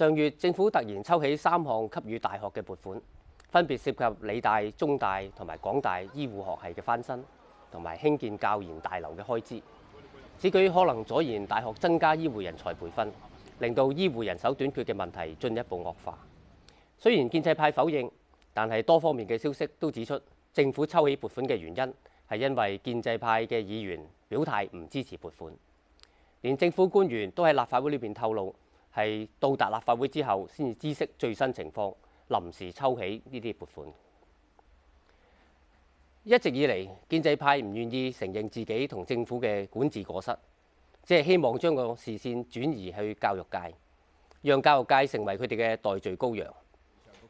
上月政府突然抽起三項給予大學嘅撥款，分別涉及理大、中大同埋廣大醫護學系嘅翻新，同埋興建教研大樓嘅開支。此舉可能阻延大學增加醫護人才培訓，令到醫護人手短缺嘅問題進一步惡化。雖然建制派否認，但係多方面嘅消息都指出，政府抽起撥款嘅原因係因為建制派嘅議員表態唔支持撥款，連政府官員都喺立法會裏邊透露。係到達立法會之後，先至知悉最新情況，臨時抽起呢啲撥款。一直以嚟，建制派唔願意承認自己同政府嘅管治過失，只係希望將個視線轉移去教育界，讓教育界成為佢哋嘅代罪羔羊。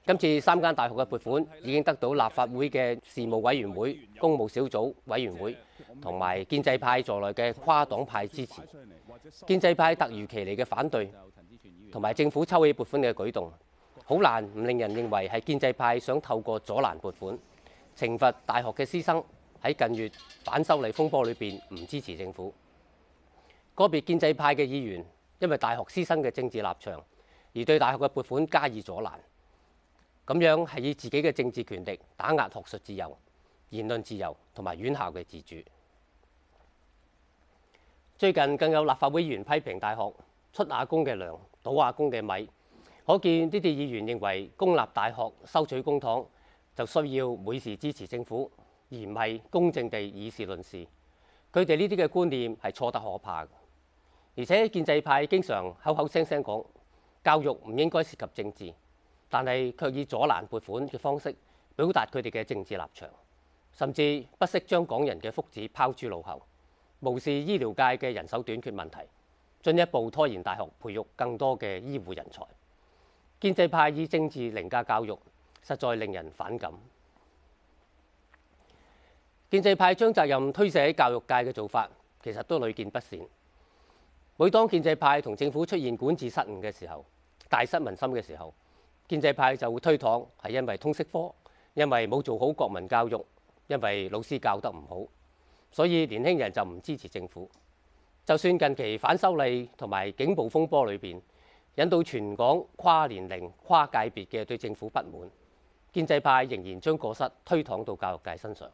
今次三間大學嘅撥款已經得到立法會嘅事務委員會、公務小組委員會同埋建制派在內嘅跨黨派支持。建制派突如其來嘅反對，同埋政府抽起撥款嘅舉動，好難唔令人認為係建制派想透過阻攔撥款，懲罰大學嘅師生喺近月反修例風波裏邊唔支持政府。個別建制派嘅議員因為大學師生嘅政治立場，而對大學嘅撥款加以阻攔，咁樣係以自己嘅政治權力打壓學術自由、言論自由同埋院校嘅自主。最近更有立法會議員批評大學出阿公嘅糧。倒阿公嘅米，可見呢啲議員認為公立大學收取公帑就需要每時支持政府，而唔係公正地以事論事。佢哋呢啲嘅觀念係錯得可怕的。而且建制派經常口口聲聲講教育唔應該涉及政治，但係卻以阻攔撥款嘅方式表達佢哋嘅政治立場，甚至不惜將港人嘅福祉拋諸腦後，無視醫療界嘅人手短缺問題。進一步拖延大學培育更多嘅醫護人才。建制派以政治凌駕教育，實在令人反感。建制派將責任推卸喺教育界嘅做法，其實都屢見不鮮。每當建制派同政府出現管治失誤嘅時候，大失民心嘅時候，建制派就會推搪，係因為通識科，因為冇做好國民教育，因為老師教得唔好，所以年輕人就唔支持政府。就算近期反修例同埋警暴風波裏邊引到全港跨年齡跨界別嘅對政府不滿，建制派仍然將過失推搪到教育界身上。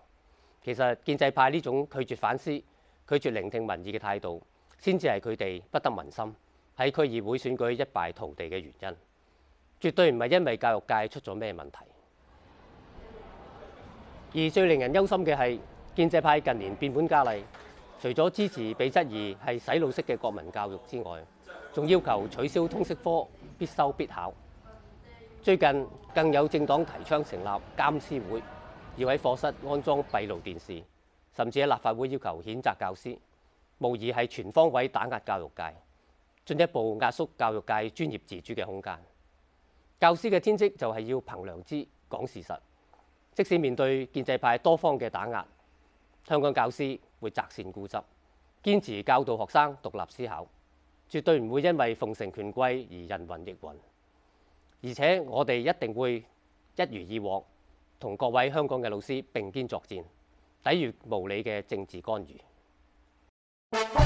其實建制派呢種拒絕反思、拒絕聆聽民意嘅態度，先至係佢哋不得民心喺區議會選舉一敗塗地嘅原因。絕對唔係因為教育界出咗咩問題。而最令人憂心嘅係建制派近年變本加厲。除咗支持被質疑係洗腦式嘅國民教育之外，仲要求取消通識科必修必考。最近更有政黨提倡成立監師會，要喺課室安裝閉路電視，甚至喺立法會要求譴責教師，無疑係全方位打壓教育界，進一步壓縮教育界專業自主嘅空間。教師嘅天職就係要憑良知講事實，即使面對建制派多方嘅打壓，香港教師會擇善固執，堅持教導學生獨立思考，絕對唔會因為奉承權貴而人云亦云。而且我哋一定會一如以往，同各位香港嘅老師並肩作戰，抵禦無理嘅政治干預。